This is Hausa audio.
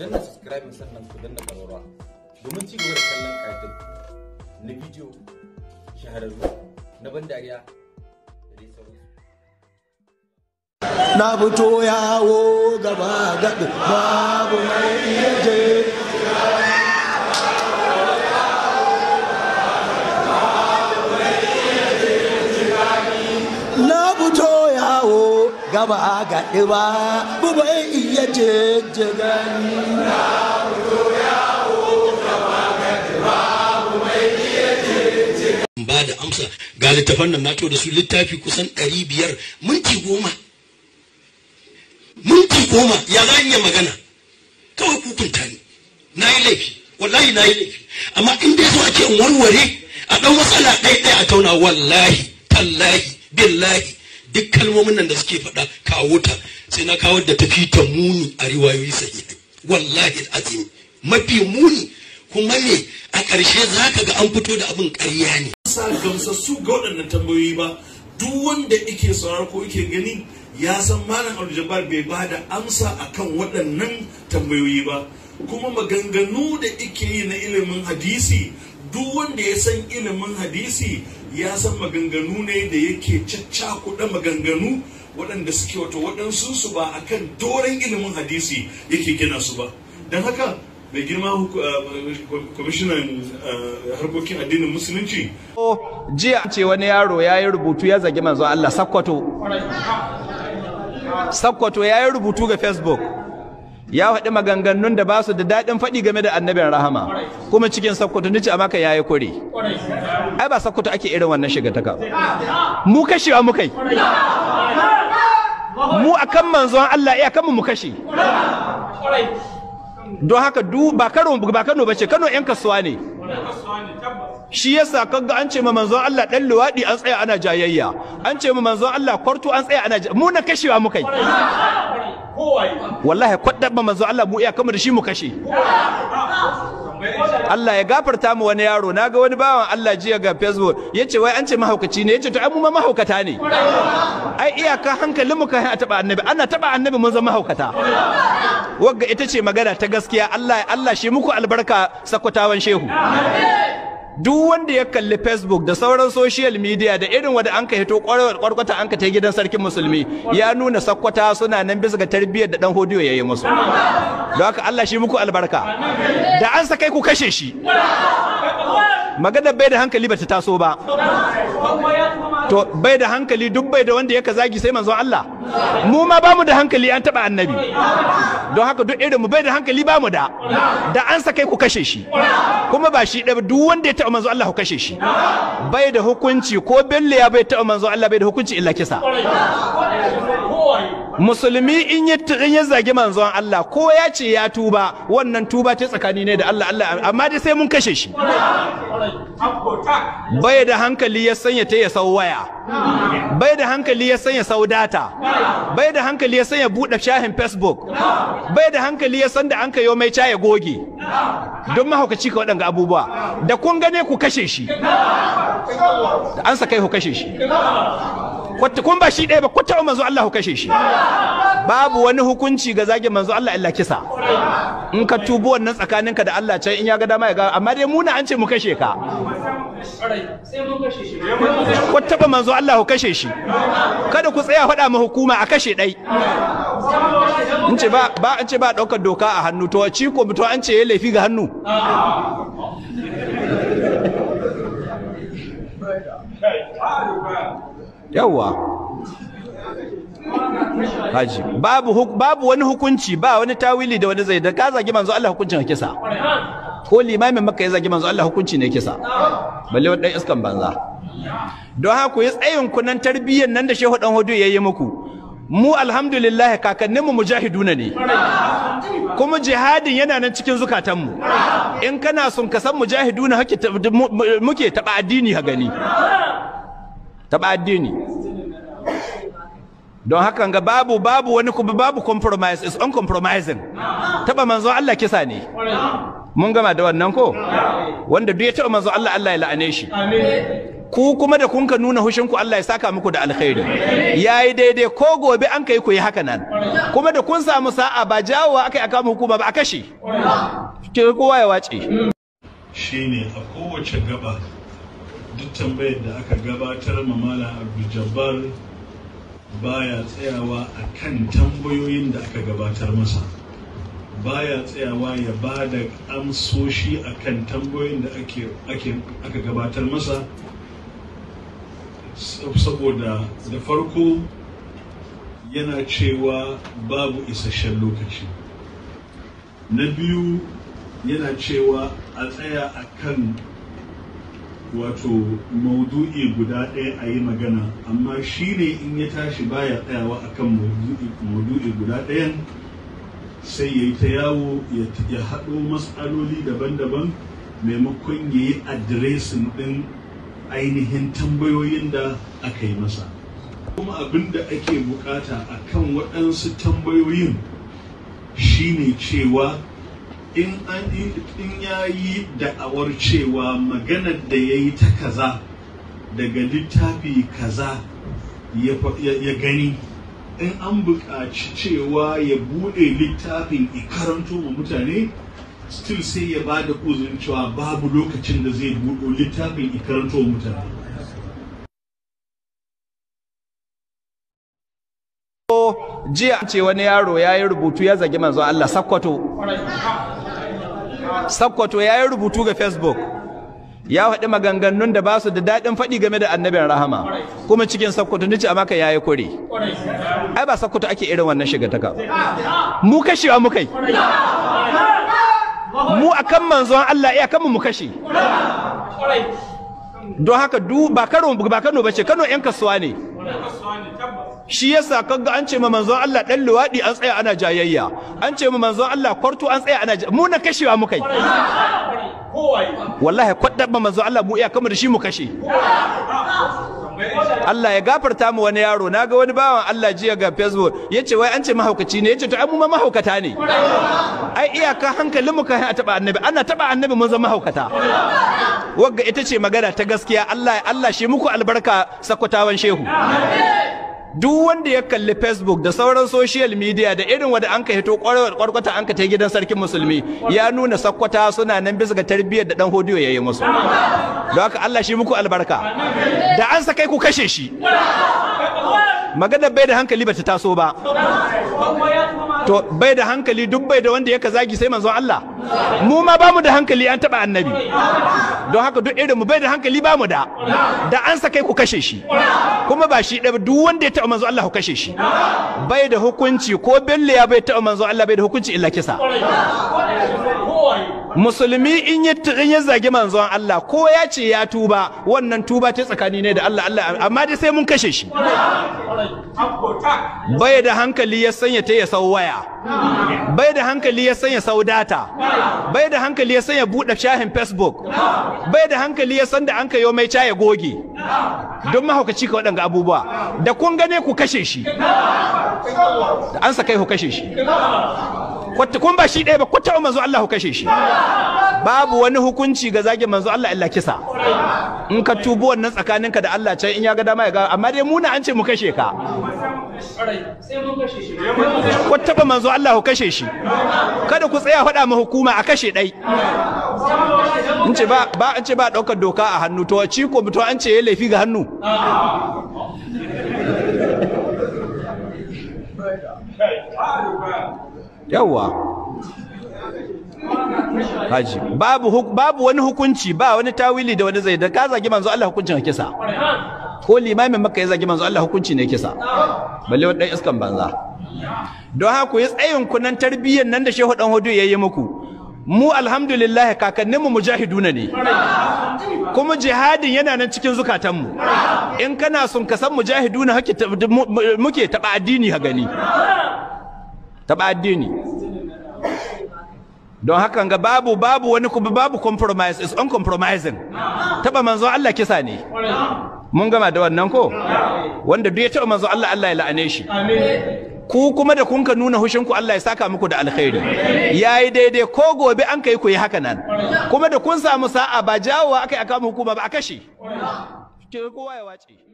danna subscribing sannan ku danna ƙararwa domin ci gaba da kallon ƙarfin na bidiyo shahararru na ban dariya sauransu. Na fito yawo gaba gaɗi babu mai yaje. gaba ga ɗiba buba iya jeje gani ba da amsa ga littafan nan na da su littafi kusan ɗari biyar minti goma minti goma ya za iya magana kawai kukunta ni na yi laifi wallahi na yi laifi amma in dai so ake warware a ɗan matsala ɗaya ɗaya a tauna wallahi tallahi billahi duk kalmomin nan da suke faɗa kawo ta sai na kawo da tafi ta muni a riwayoyi sahihai wallahi azim mafi muni kuma ne a ƙarshe za ka ga an fito da abin ƙarya ne. sa gamsassu ga waɗannan tambayoyi ba duk wanda yake saurar ko yake gani ya san malam aljabar bai ba da amsa akan waɗannan tambayoyi ba kuma maganganu da yake yi na ilimin hadisi duk wanda ya san ilimin hadisi ya san maganganu ne da yake cacca caccakuɗa maganganu waɗanda suke wato waɗansu su ba a kan doren ilimin hadisi yake gina su ba don haka mai girma eh, kwamishinan eh, harkokin addinin musulunci oh, jiya ce wani yaro ya yi rubutu ya zagi manzo Allah sakkwato sakkwato ya yi rubutu ga facebook ya faɗi maganganun da ba su da daɗin faɗi game da annabin rahama kuma cikin sakkwato nici a maka ya yi kure ai ba sakkwato ake irin wannan shiga taka mu kashewa mu kai mu akan manzon Allah iya kan mu kashe don haka du ba Kano ba Kano bace Kano yan kasuwa ne shi yasa kaga an ce ma manzon Allah dan luwadi an tsaya ana jayayya an ce ma manzon Allah kwarto an tsaya ana mu na kashewa mu kai wallahi kwadaba manzo Allah mu iya kama da shi mu kashe Allah ya gafarta mu wani yaro naga wani bawan Allah jiya ga Facebook yace wai an ce mahaukaci ne yace to ai mu ma mahaukata ne ai iyaka hankalin mu kai a taba annabi ana taba annabi mun zama mahaukata wagga ita ce magana ta gaskiya Allah Allah shi muku albarka sakwatawan shehu amin duk wanda ya kalli facebook da sauran social media da irin wanda an ka hito kwarkwata an ka ta gidan sarkin musulmi ya nuna sakkwata suna nan bisa ga tarbiyyar da dan hodiyo ya yi musu don haka Allah shi muku albarka da an sa kai ku kashe shi magana bai da hankali ba ta taso ba to bai da hankali duk bai da wanda ya ka zagi sai manzon Allah mu ma ba mu da hankali an taba annabi don haka duk irin mu bai da hankali ba mu da da an sakai ku kashe shi kuma ba shi da duk wanda ya taba manzon Allah ku kashe shi bai da hukunci ko billa ya bai taba manzon Allah bai da hukunci illa kisa musulmi in ya zagi manzon Allah ko ya ce ya tuba wannan tuba ta tsakani ne da Allah Allah amma dai sai mun kashe shi bai da hankali ya sanya ta ya sau waya bai da hankali ya sanya sau data bai da hankali ya sanya buɗe shahin facebook bai da hankali ya san da an kayo mai caya goge don mahaukaci ka waɗanga abubuwa da kun gane ku kashe shi an sa kai ku kashe shi wata kun ba shi ɗaya ba ku taɓa manzo Allah ku kashe shi babu wani hukunci ga zagin manzo Allah illa kisa in ka tubo wannan tsakaninka da Allah can in ya ga dama ya ga amma dai muna an ce mu kashe ka ku taɓa manzo Allah ku kashe shi kada ku tsaya faɗa ma hukuma a kashe ɗai in ce ba an ce ba ɗaukar doka a hannu to ciko to an ce ya laifi ga hannu yawwa haji babu babu wani hukunci ba wani tawili da wani zai ka zagi manzo Allah hukuncin kisa ko limamin maka ya zagi manzo Allah hukunci ne kisa balle wani dan iskan banza don haka ku yi tsayin ku nan tarbiyyar nan da shehu dan hudu yayi muku mu alhamdulillah kakanninmu mujahiduna ne kuma jihadin yana nan cikin zukatanmu in kana son ka san mujahiduna muke taɓa addini ha gani taɓa addini don hakan ga babu babu wani kuma babu compromise is uncompromising taɓa manzo Allah kisa ne mun gama da wannan ko wanda duk ya taɓa manzo Allah Allah ya la'ane shi ku kuma da kun ka nuna hushinku Allah ya saka muku da alkhairi yayi daidai ko gobe an kai ku yi haka nan kuma da kun samu sa'a ba jawowa akai aka hukuma ba a kashe ke kowa ya wace shine a kowace gaba duk tambayar da aka gabatar ma malam ba baya tsayawa a kan tambayoyin da aka gabatar masa baya tsayawa ya ba da amsoshi a kan tambayoyin da aka gabatar masa saboda da farko yana cewa babu isasshen lokaci na biyu yana cewa a tsaya a kan wato maudu'i guda ɗaya a yi magana amma shi ne in ya tashi baya tsayawa akan maudu'i guda ɗayan sai ya yi ta yawo ya haɗo matsaloli daban-daban maimakon ya yi adiresin ɗin ainihin tambayoyin da aka yi masa kuma abin da ake bukata akan waɗansu tambayoyin shi ne cewa in an in ya yi da'awar cewa maganar da ya yi ta kaza daga littafi kaza ya gani in an buƙaci cewa ya buɗe littafin karanto wa mutane still sai ya ba da cewa babu lokacin da zai buɗo littafin karanto mutane jiya ce wani yaro ya yi rubutu ya zagi manzo Allah sakkwato sakkwato ya yi rubutu ga facebook ya faɗi maganganun da ba su da daɗin faɗi game da annabin rahama kuma cikin sakkwato ce a maka ya yi kure ai ba sakkwato ake irin wannan shiga ta mu wa mu kai mu akan manzo Allah iya kanmu mu kashe don haka du ba kano ba kano bace kano yan kasuwa ne shi yasa kaga an ce ma manzon Allah dan luwadi an tsaya ana jayayya an ce ma manzon Allah kwarto an tsaya ana mu na kashewa muka yi wallahi kwadabba ma manzon Allah mu iya kama da shi mu kashe Allah ya gafarta mu wani yaro naga wani bawan Allah jiya ga Facebook yace wai an ce mahaukaci ne yace to ai mu ma mahaukata ne ai iyaka hankalin mu kan a taba annabi ana taba annabi mun zama mahaukata wagga ita ce magana ta gaskiya Allah Allah shi muku albarka sakwatawan shehu duk wanda ya kalli facebook da sauran social media da irin wanda an ka hito kwarkwata an ka ta gidan sarkin musulmi ya nuna sakwata suna nan bisa ga tarbiyyar da dan hodiyo ya yi musu don haka Allah shi muku albarka da an sakai ku kashe shi magana bai da hankali ba ta taso ba to bai da hankali duk bai da wanda ya kaza zagi sai manzon Allah mu ma ba mu da hankali an taba annabi don haka duk irin mu bai da hankali ba mu da da an sakai ku kashe shi kuma ba shi da duk wanda ya taba manzon Allah ku kashe shi bai da hukunci ko billa ya bai taba manzon Allah bai da hukunci illa kisa musulmi in ya in ya zagi manzon Allah ko ya ce ya tuba wannan tuba ta tsakani ne da Allah Allah amma dai sai mun kashe shi bai da hankali ya sanya ta ya sau waya bai da hankali ya sanya sau data bai da hankali ya sanya buɗe shahin facebook bai da hankali ya san da an kayo mai ya goge don mahaukaci ka waɗanga abubuwa da kun gane ku kashe shi an sa kai ku kashe shi kwata kun ba shi ɗaya ba kwata wa manzo Allah kashe shi babu wani hukunci ga zagin manzo Allah illa kisa in ka tubo wannan tsakaninka da Allah can in ya ga dama ya ga amma dai muna an ce mu kashe ka kwata ba manzo Allah ku kashe shi kada ku tsaya faɗa ma hukuma a kashe ɗai in ce ba an ce ba ɗaukar doka a hannu to ciko ko to an ce ya laifi ga hannu yawwa haji babu babu wani hukunci ba wani tawili da wani zai da ka zagi manzo Allah hukuncin kisa ko limamin makka ya zagi manzo Allah hukunci ne kisa balle wani dan iskan banza don haka ku yi tsayin ku nan tarbiyyar nan da shehu dan hudu yayi muku mu alhamdulillah kakanninmu mujahiduna ne kuma jihadin yana nan cikin zukatanmu in kana son ka san mujahiduna muke taɓa addini ha gani taɓa addini don hakan ga babu babu wani kuma babu compromise is uncompromising taɓa manzo Allah kisa ne mun gama da wannan ko wanda duk ya taɓa manzo Allah Allah ya la'ane shi ku kuma da kun ka nuna hushinku Allah ya saka muku da alkhairi yayi daidai ko gobe an kai ku yi haka nan kuma da kun samu sa'a ba jawo akai aka hukuma ba a kashe kowa ya wace